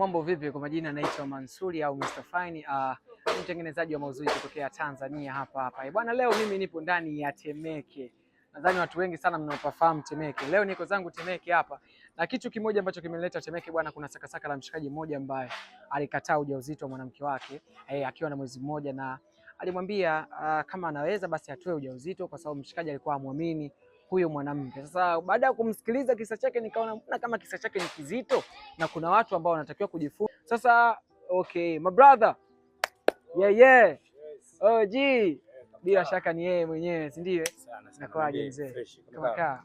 Mambo vipi? Kwa majina naitwa Mansuri au Mr Fine, uh, mtengenezaji wa mauzuri kutokea Tanzania hapa hapa. E bwana leo mimi nipo ndani ya Temeke. Nadhani watu wengi sana mnaofahamu Temeke. Leo niko zangu Temeke hapa. Na kitu kimoja ambacho kimeleta Temeke bwana, kuna sakasaka la mshikaji mmoja ambaye alikataa ujauzito wa mwanamke wake, eh, akiwa na mwezi mmoja na alimwambia uh, kama anaweza basi atoe ujauzito kwa sababu mshikaji alikuwa amwamini huyo mwanamke. Sasa baada ya kumsikiliza kisa chake, nikaona mbona kama kisa chake ni kizito na kuna watu ambao wanatakiwa kujifunza. Sasa okay, my brother yeah, yeah. OG bila shaka ni yeye mwenyewe, si ndio? Nakoaje mzee? Kamakaa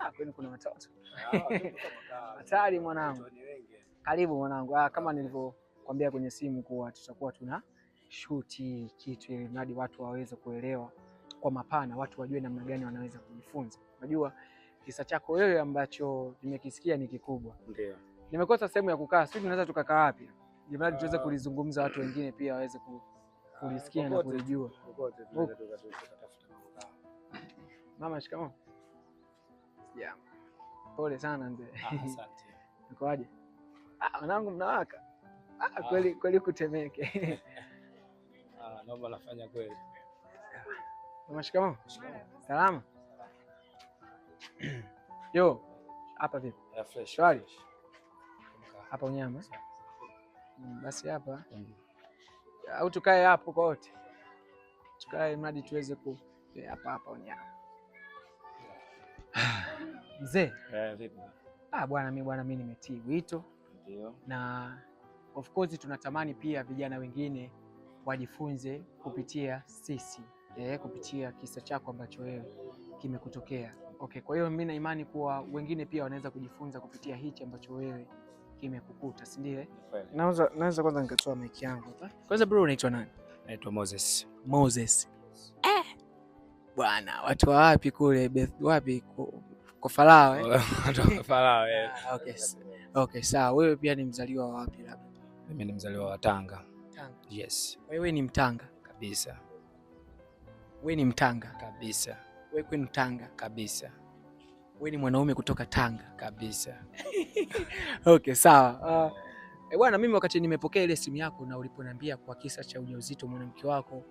ah, kwenu kuna watoto ah, hatari mwanangu. Karibu mwanangu. Ah, kama nilivyokuambia kwenye simu kuwa tutakuwa tuna shoot kitu ili mradi watu waweze kuelewa kwa mapana, watu wajue namna gani wanaweza kujifunza. Unajua kisa chako wewe ambacho nimekisikia ni kikubwa. Ndio. Nimekosa sehemu ya kukaa. Sisi tunaweza tukakaa wapi? Jumla tuweze ah. kulizungumza watu wengine pia waweze ah, kulisikia na kulijua. Mama, shikamoo. Yeah. Pole sana mzee. Ah, asante. Nikoaje? Ah, wanangu mnawaka. Ah, ah, kweli kweli kutemeke. Ah, naomba nafanya kweli. Mama, shikamoo. Salama. Yo, hapa vipi? Shwari. Hapa unyama basi hapa mm. au tukae hapo kwa wote, tukae mradi tuweze ku eh, hapa hapa unyama mzee. Eh, ah, bwana mi bwana mi nimetii wito na of course tunatamani pia vijana wengine wajifunze kupitia sisi eh, kupitia kisa chako ambacho wewe kimekutokea. Okay, kwa hiyo mimi na imani kuwa wengine pia wanaweza kujifunza kupitia hichi ambacho wewe kimekukuta, si ndio? Naweza naweza kwanza nikatoa mic yangu hapa. Kwanza bro, unaitwa nani? Naitwa Moses. Moses. Eh. Bwana, watu wapi kule Beth wapi Farao eh? Farao eh. Ah, okay. Okay, sawa. Wewe pia ni mzaliwa wapi labda? Mimi ni mzaliwa wa Tanga. Tanga. Yes. Wewe ni Mtanga kabisa we ni Mtanga kabisa, we kwenu Tanga kabisa, we ni mwanaume kutoka Tanga kabisa. Okay, sawa uh, eh, bwana, mimi wakati nimepokea ile simu yako na uliponiambia kwa kisa cha ujauzito mwanamke wako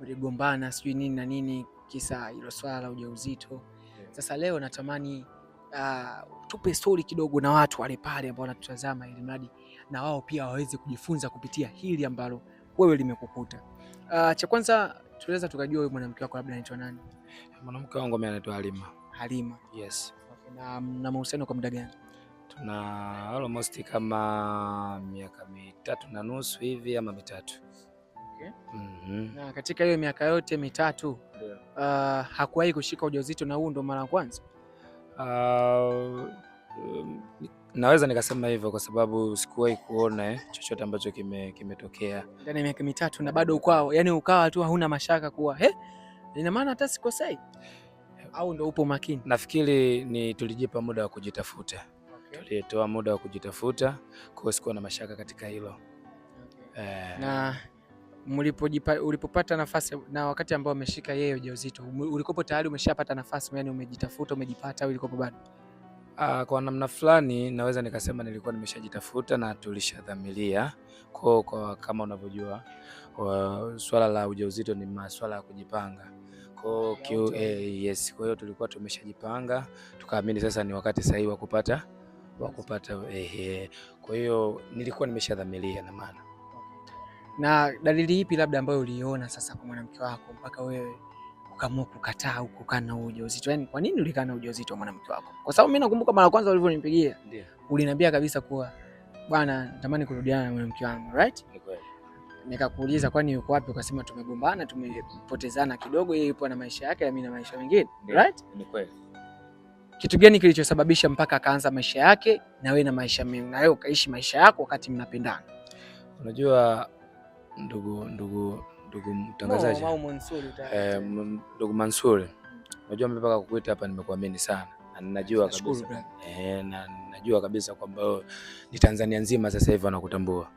uligombana sijui nini na nini, kisa ilo swala la ujauzito. Sasa leo natamani uh, tupe stori kidogo na watu wale pale ambao wanatutazama, ili mradi na wao pia waweze kujifunza kupitia hili ambalo wewe limekukuta. Uh, cha kwanza Tuweza tukajua huyu mwanamke wako labda anaitwa nani? Mwanamke wangu mimi anaitwa Halima. Halima. Yes. Okay, na na mahusiano kwa muda gani? Tuna almost kama miaka mitatu na nusu hivi ama mitatu. Okay. Mm -hmm. Na katika hiyo miaka yote mitatu yeah. Uh, hakuwahi kushika ujauzito na huu ndo mara ya kwanza? Uh, um, Naweza nikasema hivyo kwa sababu sikuwahi kuona eh, chochote ambacho kimetokea kime ndani ya miaka mitatu na bado ukwao, yani ukawa tu hauna mashaka kuwa eh, ina maana hata sikosei eh, au ndo upo makini? Nafikiri ni tulijipa muda wa kujitafuta, okay. Tulitoa muda wa kujitafuta, kwa hiyo sikuwa na mashaka katika hilo, okay. Eh, na mlipojipa ulipopata nafasi na wakati ambao umeshika yeye ujauzito, ulikopo tayari umeshapata nafasi, yani umejitafuta, umejipata au ulikopo bado? Ah, kwa namna fulani naweza nikasema nilikuwa nimeshajitafuta na tulishadhamiria kwa, kwa kama unavyojua swala la ujauzito ni maswala ya kujipanga kwa hiyo eh, yes, kwa hiyo tulikuwa tumeshajipanga tukaamini sasa ni wakati sahihi wa kupata wa kupata eh, eh. Kwa hiyo nilikuwa nimeshadhamilia na maana. Na dalili ipi labda ambayo uliiona sasa kwa mwanamke wako mpaka wewe ukaamua kukataa au kukaa na ujauzito? Yani kwa nini ulikana na ujauzito wa mwanamke wako? Kwa sababu mimi nakumbuka mara kwanza ulivyonipigia, ndio uliniambia kabisa kuwa bwana, natamani kurudiana na mwanamke wangu, right? Ni kweli. Nikakuuliza kwani yuko wapi, ukasema tumegombana, tumepotezana kidogo, yeye yupo na maisha yake na mimi na maisha mengine, right? Ni kweli. Kitu gani kilichosababisha mpaka akaanza maisha yake na wewe na maisha mimi na wewe ukaishi maisha yako wakati mnapendana? Unajua ndugu ndugu ndugu mtangazaji, eh, ndugu Mansuri, unajua mimi mpaka kukuita hapa nimekuamini sana na ninajua kabisa eh, na najua kabisa kwamba ni Tanzania nzima sasa hivi wanakutambua.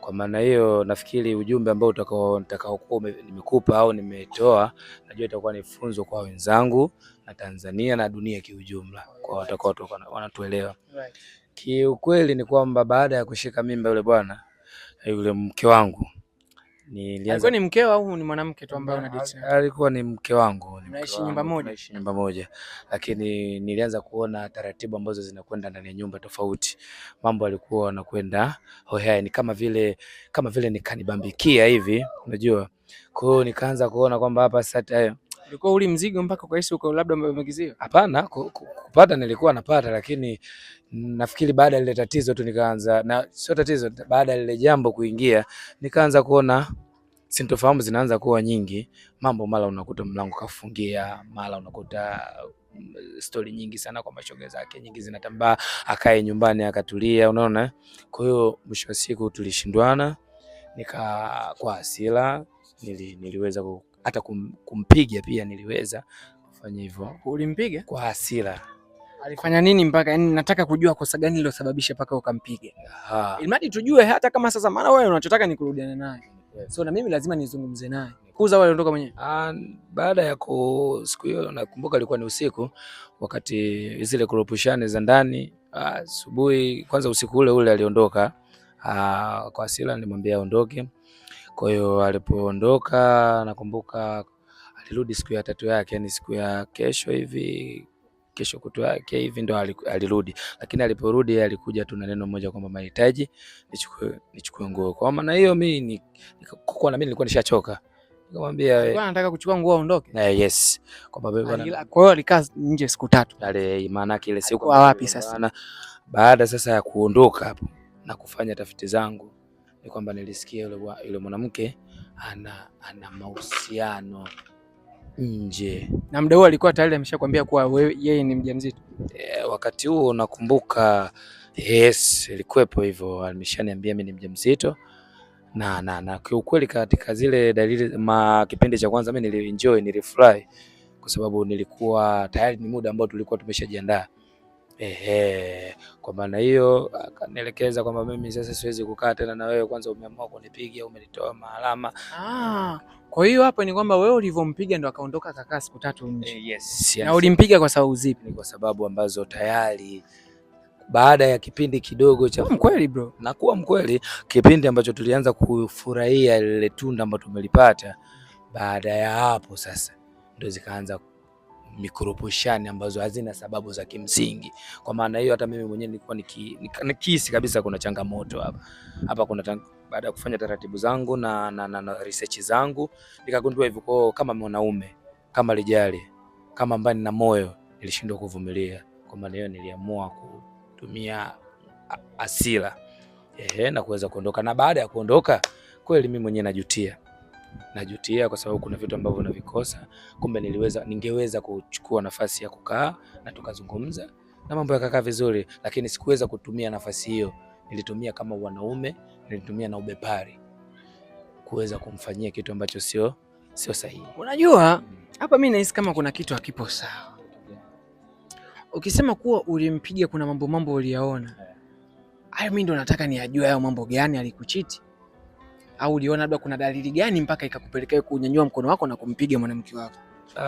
Kwa maana hiyo nafikiri ujumbe ambao utakao nimekupa au nimetoa, najua itakuwa ni funzo kwa wenzangu na Tanzania na dunia kiujumla, kwa watakao wanatuelewa. Kiukweli ni kwamba baada ya kushika mimba yule bwana yule mke wangu Alikuwa ni mkeo au ni mwanamke tu ambaye unadate Alikuwa ni mke wangu, naishi nyumba moja, naishi nyumba moja, lakini nilianza kuona taratibu ambazo zinakwenda ndani ya nyumba tofauti. Mambo alikuwa anakwenda hohea, ni kama vile kama vile nikanibambikia hivi, unajua. Kwa hiyo nikaanza kuona kwamba hapa sasa eh, Ulikuwa uli mzigo mpaka kwa hisi uko labda umebakiziwa? Hapana, kupata nilikuwa napata, lakini nafikiri baada ya lile tatizo tu nikaanza, na sio tatizo, baada ya lile jambo kuingia nikaanza kuona sintofahamu zinaanza kuwa nyingi, mambo mara unakuta mlango kafungia, mara unakuta mm, stori nyingi sana kwa mashoga zake, nyingi zinatambaa, akae nyumbani akatulia, unaona. Kwa hiyo mwisho wa siku tulishindwana, nika kwa hasira nili, niliweza hata kum, kumpiga pia niliweza kufanya hivyo. Ulimpiga kwa hasira? Alifanya nini mpaka yani, nataka kujua kosa gani lilosababisha mpaka ukampiga, ilimradi tujue hata kama sasa, maana wewe unachotaka ni kurudiana naye yes. So na mimi lazima nizungumze naye kuza wale ondoka mwenyewe. Ah, Baada ya ku siku hiyo nakumbuka ilikuwa ni usiku, wakati zile kuropushane za ndani ah, asubuhi, kwanza usiku ule ule aliondoka Ah, kwa hasira, nilimwambia aondoke kwa hiyo alipoondoka, nakumbuka alirudi siku ya tatu yake, yani siku ya kesho hivi kesho kutu yake hivi ndo alirudi, lakini aliporudi alikuja tu na neno moja kwamba mahitaji nichukue nichukue nguo. Kwa maana hiyo mimi nikakuwa na mimi nilikuwa nishachoka, nikamwambia bwana, nataka kuchukua nguo aondoke. Eh, yes, kwamba bwana. Kwa hiyo alikaa nje siku tatu, maana yake ile siku wapi sasa? Baada sasa ya kuondoka hapo na kufanya tafiti zangu ni kwamba nilisikia yule mwanamke ana, ana mahusiano nje na muda huo alikuwa tayari ameshakwambia kuwa yeye ni mjamzito. E, wakati huo nakumbuka, yes, ilikuwepo hivyo, ameshaniambia mimi ni mjamzito na, na, na kiukweli katika zile dalili ma kipindi cha kwanza mimi nilienjoy, nilifurahi kwa sababu nilikuwa tayari ni muda ambao tulikuwa tumeshajiandaa. Ehe, kwa maana hiyo akanielekeza kwamba mimi sasa siwezi kukaa tena na wewe, kwanza umeamua kunipiga au umenitoa maalama. Ah, kwa hiyo hapo ni kwamba wewe ulivyompiga ndo akaondoka akakaa siku tatu nje. Eh, yes, yes. Na ulimpiga kwa sababu zipi? Ni kwa sababu ambazo tayari baada ya kipindi kidogo cha mkweli bro, nakuwa mkweli, kipindi ambacho tulianza kufurahia lile tunda ambalo tumelipata, baada ya hapo sasa ndo zikaanza mikurupushani ambazo hazina sababu za kimsingi. Kwa maana hiyo, hata mimi mwenyewe nilikuwa nikihisi kabisa kuna changamoto hapa hapa, kuna baada ya kufanya taratibu zangu na, na, na, na research zangu nikagundua hivyo. Kwao kama mwanaume kama lijali kama ambaye nina moyo, nilishindwa kuvumilia. Kwa maana hiyo, niliamua kutumia asila ehe, na kuweza kuondoka, na baada ya kuondoka kweli mimi mwenyewe najutia najutia kwa sababu kuna vitu ambavyo navikosa. Kumbe niliweza ningeweza kuchukua nafasi ya kukaa na tukazungumza na mambo yakakaa vizuri, lakini sikuweza kutumia nafasi hiyo. Nilitumia kama wanaume, nilitumia na ubepari kuweza kumfanyia kitu ambacho sio sio sahihi. Unajua hmm. hapa mimi nahisi kama kuna kitu hakipo sawa. Ukisema kuwa ulimpiga, kuna mambo mambo uliyaona eh. hayo, mimi ndo nataka niyajua hayo mambo gani, alikuchiti au uliona labda kuna dalili gani mpaka ikakupelekea kunyanyua mkono wako na kumpiga mwanamke wako? Uh,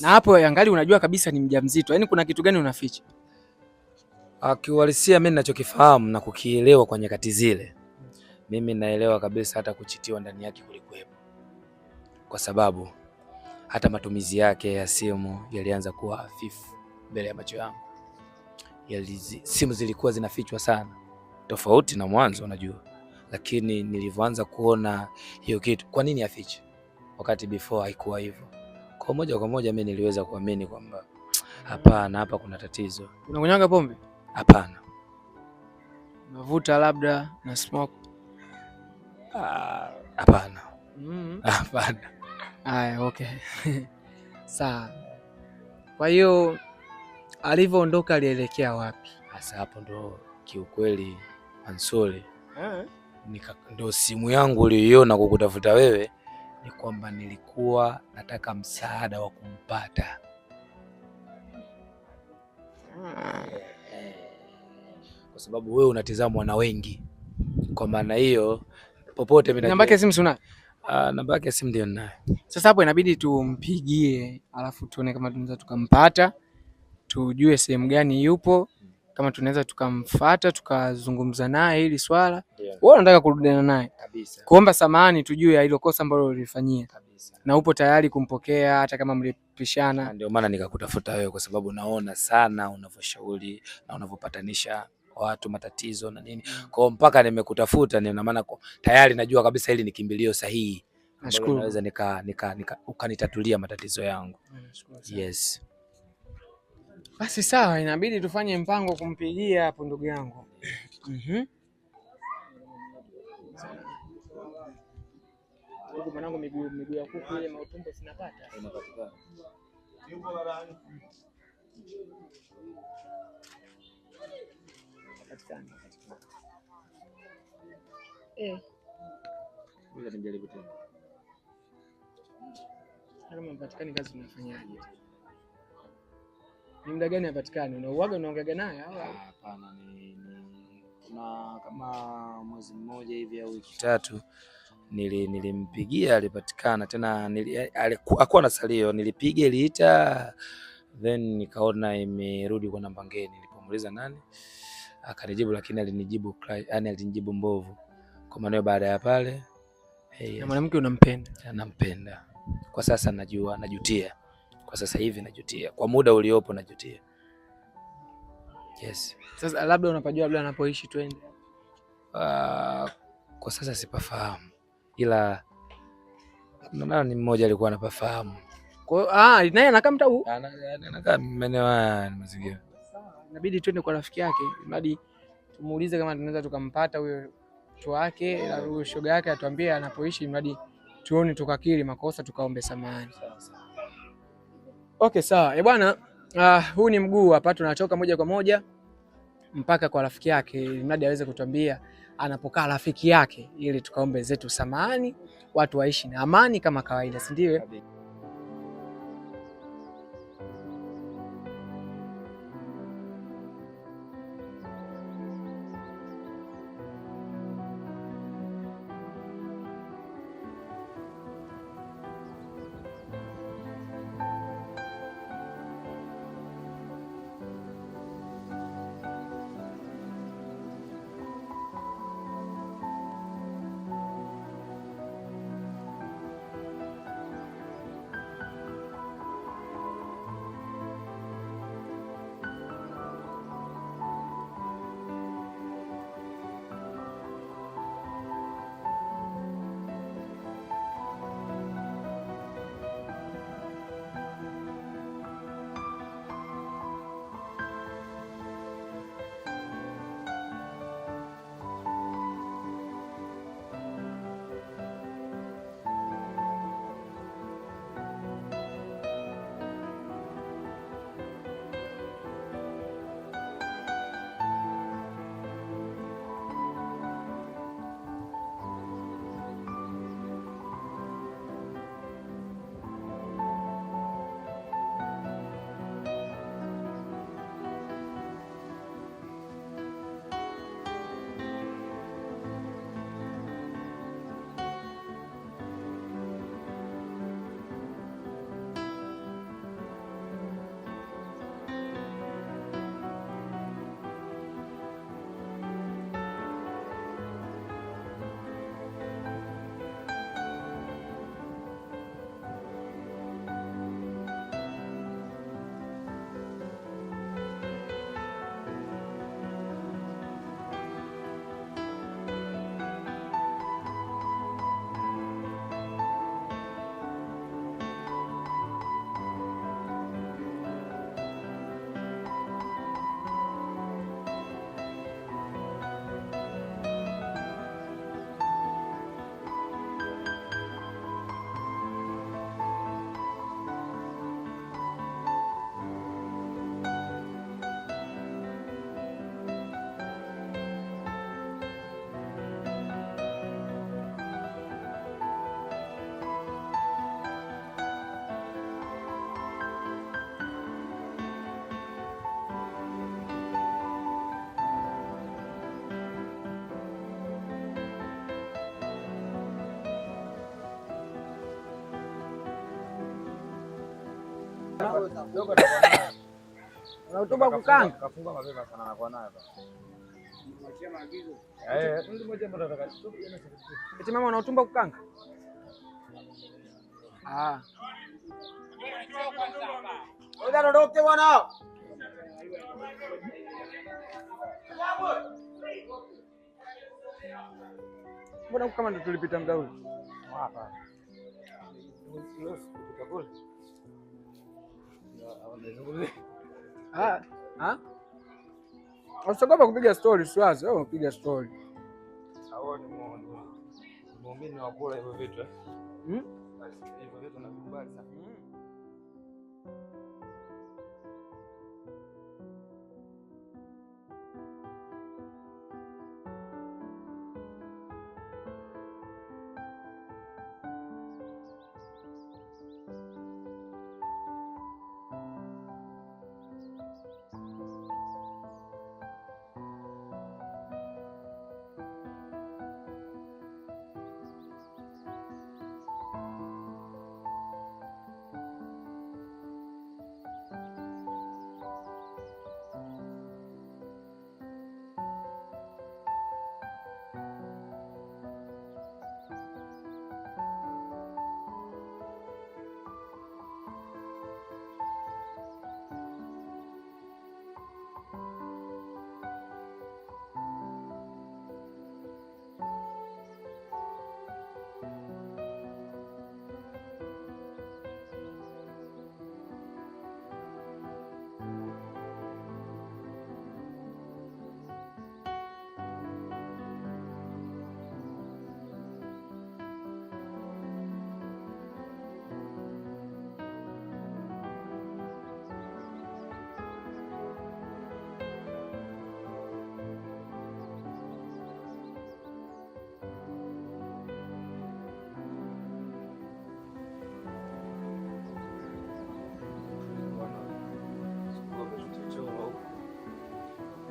na hapo yangali unajua kabisa ni mjamzito, yaani kuna kitu gani unaficha? Akiuhalisia, mimi ninachokifahamu na kukielewa kwa nyakati zile, mimi naelewa kabisa hata kuchitiwa ndani yake kulikuwepo, kwa sababu hata matumizi yake ya simu yalianza kuwa hafifu mbele ya macho yangu. Simu zilikuwa zinafichwa sana, tofauti na mwanzo, unajua lakini nilivyoanza kuona hiyo kitu, kwa nini afiche wakati before haikuwa hivyo? Kwa moja kwa moja mimi niliweza kuamini kwamba hapana, hapa kuna tatizo. Unakunywaga pombe? Hapana. Unavuta labda na smoke? Ah, hapana. Mm. Hapana. Aya, okay. Sawa. Kwa hiyo alivyoondoka alielekea wapi? Sasa hapo ndo kiukweli Mansuri. Eh nika, ndo simu yangu uliyoiona kukutafuta wewe, ni kwamba nilikuwa nataka msaada wa kumpata Kwa sababu wewe unatizamwa na wengi, kwa maana hiyo popote mimi namba yake simu sina. Uh, ah, namba yake simu ndio ninayo. Sasa hapo inabidi tumpigie, alafu tuone kama tunaweza tukampata, tujue sehemu gani yupo, kama tunaweza tukamfata tukazungumza naye hili swala yeah. unataka kurudiana naye kabisa, kuomba samahani tujue ya hilo kosa ambalo ulifanyia na upo tayari kumpokea hata kama mlipishana. Ndio maana nikakutafuta wewe, kwa sababu naona sana unavyoshauri na unavyopatanisha watu matatizo na nini, mm. kwa mpaka nimekutafuta nina maana tayari najua kabisa hili ni kimbilio sahihi, naweza nika, nika, nika ukanitatulia matatizo yangu. Yes. Basi sawa, inabidi tufanye mpango kumpigia hapo ndugu yangu. mm -hmm. Mwanangu, miguu ya kuku ile mautumbo sinapata. Eh. Kama mpatikani kazi unafanyaje? Ni muda gani hapatikani? Unauaga, unaongeaga naye au? Hapana, ni kuna kama mwezi mmoja hivi au wiki tatu nilimpigia nili alipatikana tena nili, alikuwa na salio, nilipiga iliita, then nikaona imerudi kwa namba ngeni. Nilipomuuliza nani, akanijibu lakini alinijibu yani alinijibu mbovu kwa maneno. Baada ya pale, hey, eh, mwanamke unampenda? Anampenda kwa sasa, najua najutia kwa sasa hivi najutia, kwa muda uliopo najutia. Yes. Sasa labda unapajua labda anapoishi twende. Uh, kwa sasa sipafahamu, ila kuna ni mmoja alikuwa anapafahamu ah, naye anakaa mtau anakaa maeneo haya mazingira. Inabidi twende kwa rafiki yake, mradi tumuulize kama tunaweza tukampata huyo mtu wake na huyo shoga yake, atuambie anapoishi, mradi tuone, tukakiri makosa, tukaombe samahani. Okay, sawa. Eh, bwana, uh, huu ni mguu hapa tunatoka moja kwa moja mpaka kwa rafiki yake mradi aweze kutuambia anapokaa rafiki yake ili tukaombe zetu samahani, watu waishi na amani kama kawaida, si ndio? Unatupa kukanga. Kafunga mapema sana na kwa nayo. Eti eh, eh. mama unatumba kukanga? Ah. ah. bwana. Mbona kama ndo tulipita mda ule? Ah, ah. Usiogopa kupiga stori, siwazi wewe unapiga stori.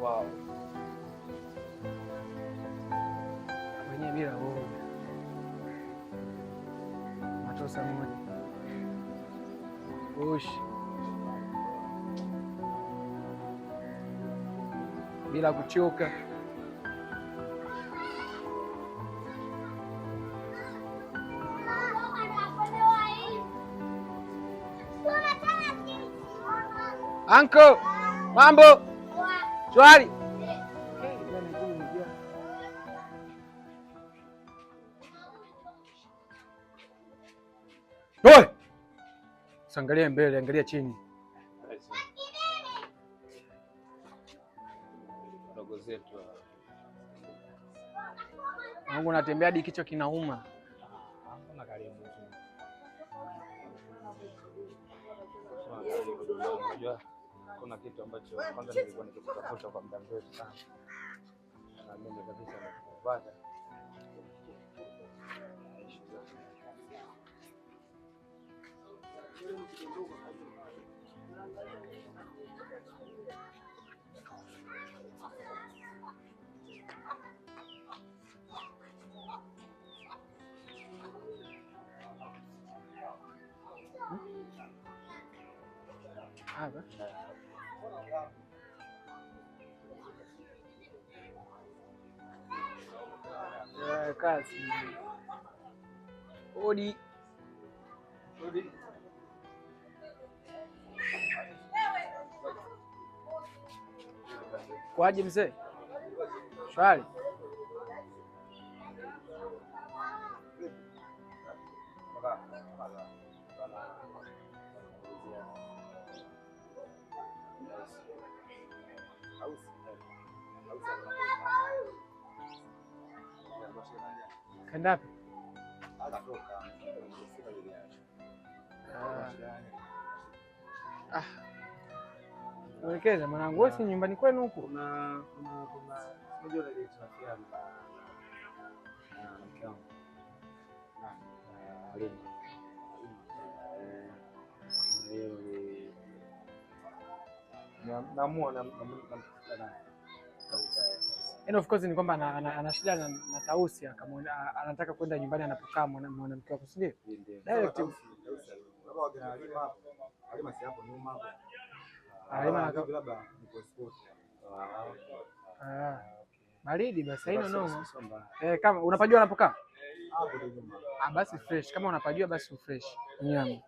kwao wenyewe bila woga. Matosa moja ushi bila kuchoka. Anko, mambo Shwari. sangalia mbele, angalia chini. Mungu, natembea hadi kichwa kinauma kuna kitu ambacho kwanza nilikuwa nikikutafuta kwa muda mrefu sana, na mimi kabisa nakupata Kazi odi odi kwaje mzee shwari Kaenda wapi? Ah. mwanangu wewe si nyumbani kwenu huko? Kuna kuna kuna And yaani, of course ni kwamba ana shida na Tausi, anataka kwenda nyumbani anapokaa mwanamke wake, si ndio? Direct baridi basi, haina noma. Eh, kama unapajua anapokaa ah, basi fresh, kama unapajua basi fresh nyama